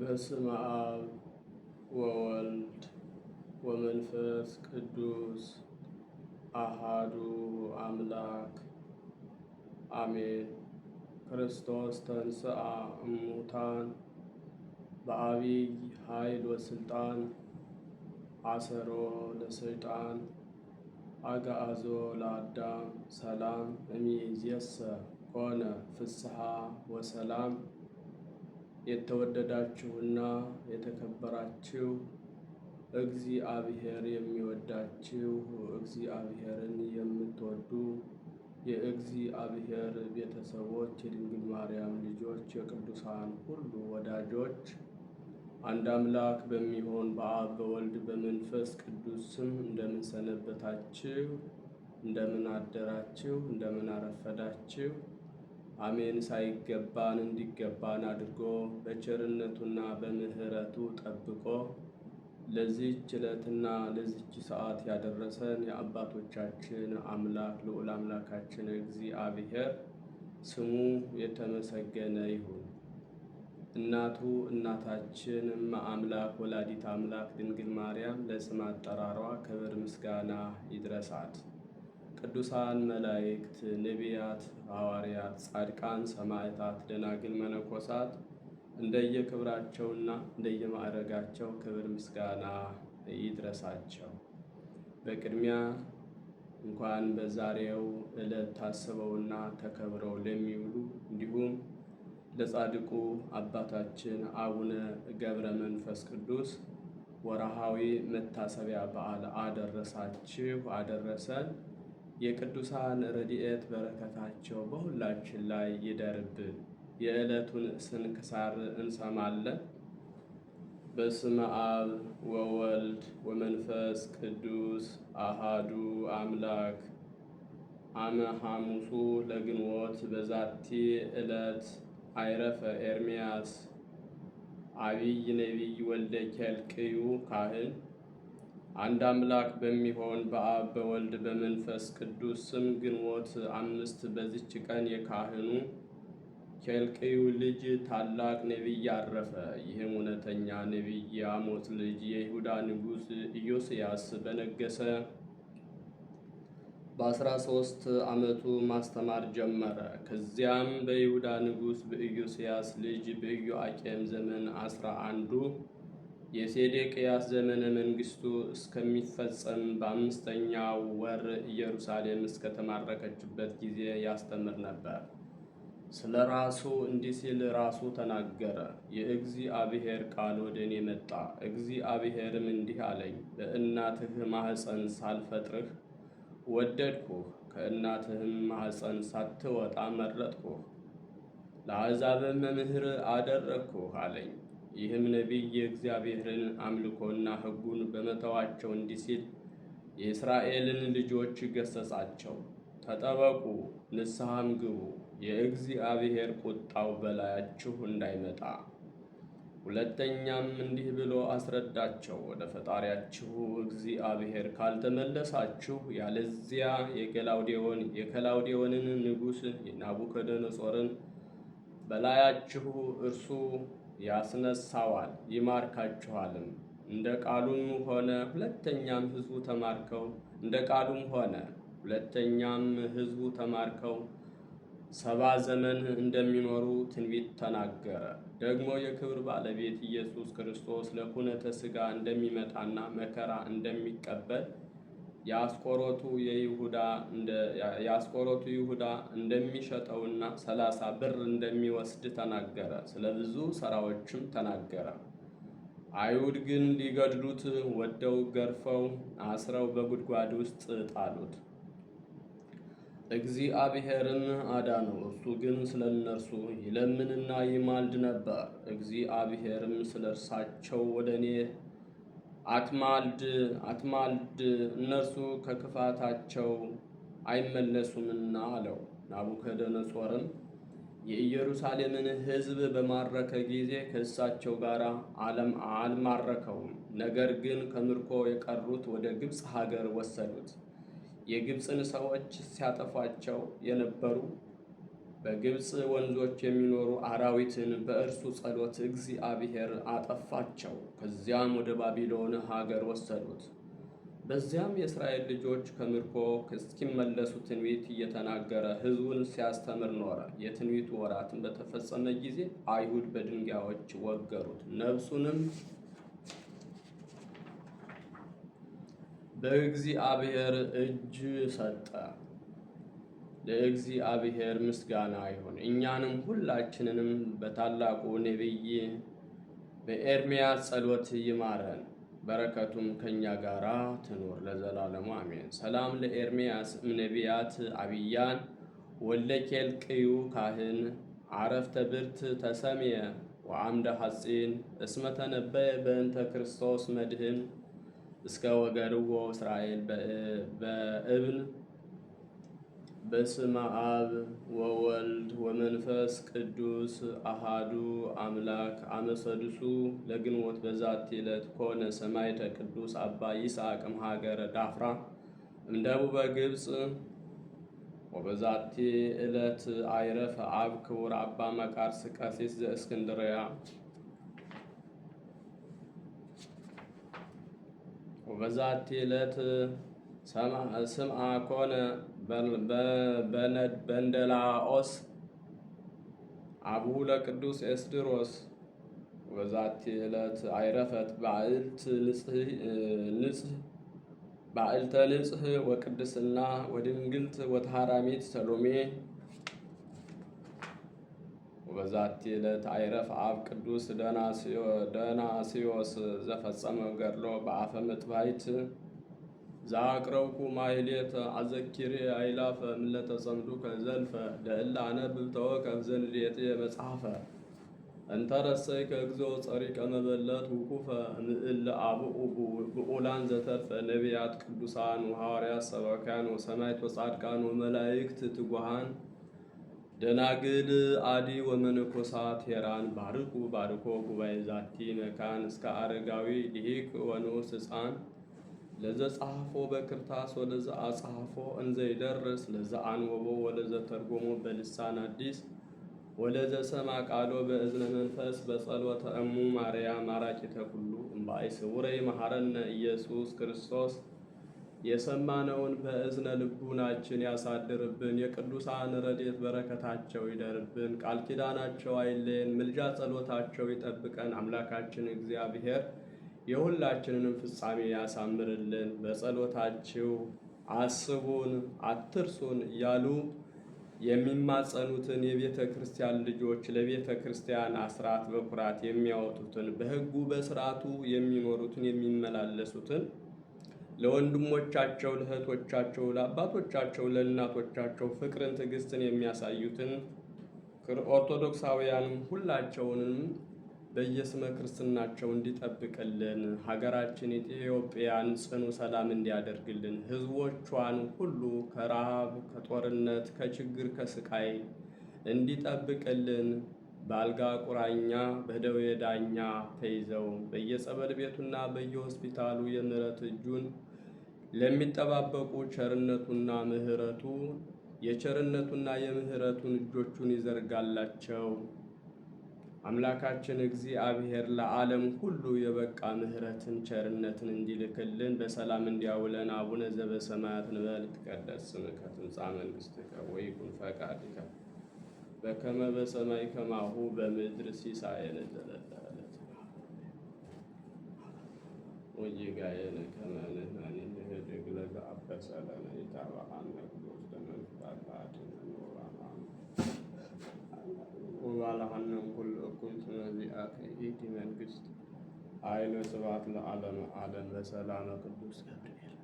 በስመ አብ ወወልድ ወመንፈስ ቅዱስ አሃዱ አምላክ አሜን። ክርስቶስ ተንሥአ እሙታን በአቢይ ኃይል ወስልጣን አሰሮ ለሰይጣን አጋአዞ ለአዳም ሰላም እሚይዜሰ ኮነ ፍስሐ ወሰላም የተወደዳችሁና የተከበራችሁ እግዚአብሔር የሚወዳችሁ እግዚአብሔርን የምትወዱ የእግዚአብሔር ቤተሰቦች፣ የድንግል ማርያም ልጆች፣ የቅዱሳን ሁሉ ወዳጆች አንድ አምላክ በሚሆን በአብ በወልድ በመንፈስ ቅዱስ ስም እንደምን ሰነበታችሁ? እንደምን አደራችሁ? እንደምን አረፈዳችሁ? አሜን ሳይገባን እንዲገባን አድርጎ በቸርነቱና በምሕረቱ ጠብቆ ለዚህች ዕለትና ለዚች ሰዓት ያደረሰን የአባቶቻችን አምላክ ልዑል አምላካችን እግዚአብሔር ስሙ የተመሰገነ ይሁን። እናቱ እናታችን እመ አምላክ ወላዲት አምላክ ድንግል ማርያም ለስም አጠራሯ ክብር ምስጋና ይድረሳት። ቅዱሳን መላእክት፣ ነቢያት፣ ሐዋርያት፣ ጻድቃን፣ ሰማዕታት፣ ደናግል፣ መነኮሳት እንደየክብራቸውና እንደየማዕረጋቸው ክብር ምስጋና ይድረሳቸው። በቅድሚያ እንኳን በዛሬው ዕለት ታስበውና ተከብረው ለሚውሉ እንዲሁም ለጻድቁ አባታችን አቡነ ገብረ መንፈስ ቅዱስ ወርሃዊ መታሰቢያ በዓል አደረሳችሁ አደረሰን። የቅዱሳን ረድኤት በረከታቸው በሁላችን ላይ ይደርብን። የዕለቱን ስንክሳር እንሰማለን። በስመ አብ ወወልድ ወመንፈስ ቅዱስ አሃዱ አምላክ። አመ ሐሙሱ ለግንቦት በዛቲ ዕለት አይረፈ ኤርምያስ አቢይ ነቢይ ወልደ ኬልቅዩ ካህን አንድ አምላክ በሚሆን በአብ በወልድ በመንፈስ ቅዱስ ስም ግንቦት አምስት በዚች ቀን የካህኑ ኬልቅዩ ልጅ ታላቅ ነቢይ አረፈ። ይህም እውነተኛ ነቢይ የአሞጽ ልጅ የይሁዳ ንጉሥ ኢዮስያስ በነገሰ በአስራ ሶስት ዓመቱ ማስተማር ጀመረ። ከዚያም በይሁዳ ንጉሥ በኢዮስያስ ልጅ በኢዮአቄም ዘመን አስራ አንዱ የሴዴቅያስ ዘመነ መንግስቱ እስከሚፈጸም በአምስተኛው ወር ኢየሩሳሌም እስከተማረከችበት ጊዜ ያስተምር ነበር። ስለ ራሱ እንዲህ ሲል ራሱ ተናገረ። የእግዚአብሔር ቃል ወደ እኔ መጣ። እግዚአብሔርም እንዲህ አለኝ፣ በእናትህ ማኅፀን ሳልፈጥርህ ወደድኩህ፣ ከእናትህም ማኅፀን ሳትወጣ መረጥኩህ፣ ለአሕዛብም መምህር አደረግኩህ አለኝ። ይህም ነቢይ የእግዚአብሔርን አምልኮና ሕጉን በመተዋቸው እንዲህ ሲል የእስራኤልን ልጆች ገሰጻቸው። ተጠበቁ፣ ንስሐም ግቡ፣ የእግዚአብሔር ቁጣው በላያችሁ እንዳይመጣ። ሁለተኛም እንዲህ ብሎ አስረዳቸው፣ ወደ ፈጣሪያችሁ እግዚአብሔር ካልተመለሳችሁ ያለዚያ የገላውዴዎን የከላውዴዎንን ንጉሥ የናቡከደነጾርን በላያችሁ እርሱ ያስነሳዋል ይማርካችኋልም። እንደ ቃሉም ሆነ ሁለተኛም ሕዝቡ ተማርከው እንደ ቃሉም ሆነ ሁለተኛም ሕዝቡ ተማርከው ሰባ ዘመን እንደሚኖሩ ትንቢት ተናገረ። ደግሞ የክብር ባለቤት ኢየሱስ ክርስቶስ ለኩነተ ሥጋ እንደሚመጣና መከራ እንደሚቀበል የአስቆሮቱ የይሁዳ የአስቆሮቱ ይሁዳ እንደሚሸጠውና ሰላሳ ብር እንደሚወስድ ተናገረ። ስለ ብዙ ተናገረ። አይሁድ ግን ሊገድሉት ወደው ገርፈው አስረው በጉድጓድ ውስጥ ጣሉት። እግዚአብሔርም አዳነው። እሱ ግን ስለ እነርሱ ይለምንና ይማልድ ነበር። እግዚአብሔርም ስለ እርሳቸው ወደ እኔ አትማልድ አትማልድ እነርሱ ከክፋታቸው አይመለሱምና አለው። ናቡከደነጾርም የኢየሩሳሌምን ሕዝብ በማረከ ጊዜ ከእሳቸው ጋር አለም አልማረከውም። ነገር ግን ከምርኮ የቀሩት ወደ ግብፅ ሀገር ወሰዱት። የግብፅን ሰዎች ሲያጠፏቸው የነበሩ በግብፅ ወንዞች የሚኖሩ አራዊትን በእርሱ ጸሎት እግዚአብሔር አጠፋቸው። ከዚያም ወደ ባቢሎን ሀገር ወሰዱት። በዚያም የእስራኤል ልጆች ከምርኮ እስኪመለሱ ትንቢት እየተናገረ ሕዝቡን ሲያስተምር ኖረ። የትንቢቱ ወራትን በተፈጸመ ጊዜ አይሁድ በድንጋዮች ወገሩት፣ ነፍሱንም በእግዚአብሔር እጅ ሰጠ። ለእግዚአብሔር ምስጋና ይሁን። እኛንም ሁላችንንም በታላቁ ነቢይ በኤርምያስ ጸሎት ይማረን፣ በረከቱም ከእኛ ጋር ትኖር ለዘላለሙ አሜን። ሰላም ለኤርምያስ እምነቢያት አብያን ቅዩ ካህን አረፍተ ብርት ተሰሜየ ወአምደ ሐጺን እስመ ተነበየ በእንተ ክርስቶስ መድህን እስከ ወገርዎ እስራኤል በእብን በስመ አብ ወወልድ ወመንፈስ ቅዱስ አሃዱ አምላክ አመሰድሱ ለግንቦት በዛት ዕለት ኮነ ሰማዕተ ቅዱስ አባ ይስሐቅ እምሀገረ ዳፍራ እምደቡበ ግብፅ ወበዛቲ ዕለት አይረፈ አብ ክቡር አባ መቃርስ ቀሲስ ዘእስክንድርያ ወበዛቲ ዕለት ስምዐ ኮነ በንደላኦስ አብሁ ለቅዱስ ኤስድሮስ ወበዛቲ ዕለት አይረፈት በዓልተ ንጽህ ወቅድስና ወድንግልት ወተሃራሚት ሰሎሜ ወበዛቲ ዕለት አይረፍ አብ ቅዱስ ደናስዮስ ዘፈጸመ ገድሎ በአፈ ምጥባይት ዛቅረውኩ ማይሌት አዘኪሬ አይላፈ ምለተ ጸምዱከ ዘልፈ ለእለ አነብብ ተወከፍ ዘንሌቴ መጽሐፈ እንተረሰይ ከእግዞ ጸሪቀ መበለት ውኩፈ ምእለ አብኡ ብኡላን ዘተርፈ ነቢያት ቅዱሳን ወሐዋርያት ሰባካያን ወሰማይት ወጻድቃን ወመላይክት ትጉሃን ደናግል አዲ ወመነኮሳት ሄራን ባርኩ ባርኮ ጉባኤ ዛቲ መካን እስከ አረጋዊ ድሂቅ ወንኡስ ሕፃን ለዘ በክርታስ ወለዘ አጻፎ እንዘ ይደርስ ለዘ አንወቦ ወለዘ ተርጎሞ በልሳን አዲስ ወለዘ ሰማ ቃሎ በእዝነ መንፈስ በጸሎተ እሙ ማርያም ማራቂተ ኩሉ እምባይ ስውረይ መሐረነ ኢየሱስ ክርስቶስ የሰማነውን በእዝነ ልቡናችን ያሳድርብን። የቅዱሳን ረድኤት በረከታቸው ይደርብን። ቃል ኪዳናቸው አይለየን። ምልጃ ጸሎታቸው ይጠብቀን። አምላካችን እግዚአብሔር የሁላችንንም ፍጻሜ ያሳምርልን። በጸሎታችሁ አስቡን፣ አትርሱን እያሉ የሚማጸኑትን የቤተ ክርስቲያን ልጆች ለቤተ ክርስቲያን አስራት በኩራት የሚያወጡትን በሕጉ በስርዓቱ የሚኖሩትን የሚመላለሱትን ለወንድሞቻቸው ለእህቶቻቸው፣ ለአባቶቻቸው፣ ለእናቶቻቸው ፍቅርን፣ ትዕግስትን የሚያሳዩትን ኦርቶዶክሳውያንም ሁላቸውንም በየስመ ክርስትናቸው እንዲጠብቅልን፣ ሀገራችን ኢትዮጵያን ጽኑ ሰላም እንዲያደርግልን፣ ሕዝቦቿን ሁሉ ከረሃብ፣ ከጦርነት፣ ከችግር፣ ከስቃይ እንዲጠብቅልን በአልጋ ቁራኛ በደዌ ዳኛ ተይዘው በየጸበል ቤቱና በየሆስፒታሉ የምሕረት እጁን ለሚጠባበቁ ቸርነቱና ምሕረቱ የቸርነቱና የምሕረቱን እጆቹን ይዘርጋላቸው። አምላካችን እግዚአብሔር ለዓለም ሁሉ የበቃ ምሕረትን ቸርነትን እንዲልክልን በሰላም እንዲያውለን። አቡነ ዘበሰማያት ንበል ይትቀደስ ስምከ ትምጻእ መንግሥትከ ወይኩን ፈቃድከ በከመ በሰማይ ከማሁ በምድር ሲሳየነ ዘለለዕለትነ ወጌጋየነ ከመ ንሕነኒ ንህድግ ለዘ አበሰ ለነ ኢታብአነ እግዚኦ ዘመንፈቅ ባለሃንም ኩሉ እኩም ስለዚአከ ይእቲ መንግስት ኃይል ወስብሐት ለዓለመ ዓለም በሰላም ቅዱስ ገብርኤል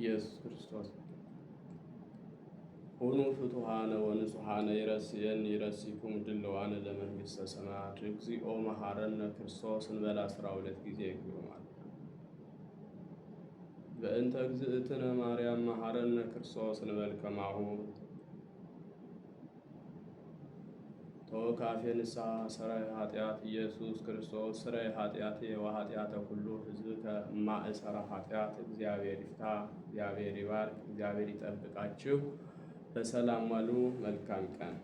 ኢየሱስ ክርስቶስ ሁኑ ፍቱሃነ ወንጹሃነ ይረስየን ይረሲኩም ድልዋነ ለመንግሥተ ሰማያት እግዚኦ መሐረነ ክርስቶስ እንበል አስራ ሁለት ጊዜ ይግሩ በእንተ እግዝእትነ ማርያም መሐረነ ክርስቶስ እንበል ከማሁ ተወካፌ ንሳ ስራይ ኃጢአት ኢየሱስ ክርስቶስ ስራይ ኃጢአት ወኃጢአተ ኩሉ ህዝብ ከማእሰረ ኃጢአት እግዚአብሔር ይፍታ፣ እግዚአብሔር ይባርክ፣ እግዚአብሔር ይጠብቃችሁ። በሰላም ዋሉ። መልካም ቀን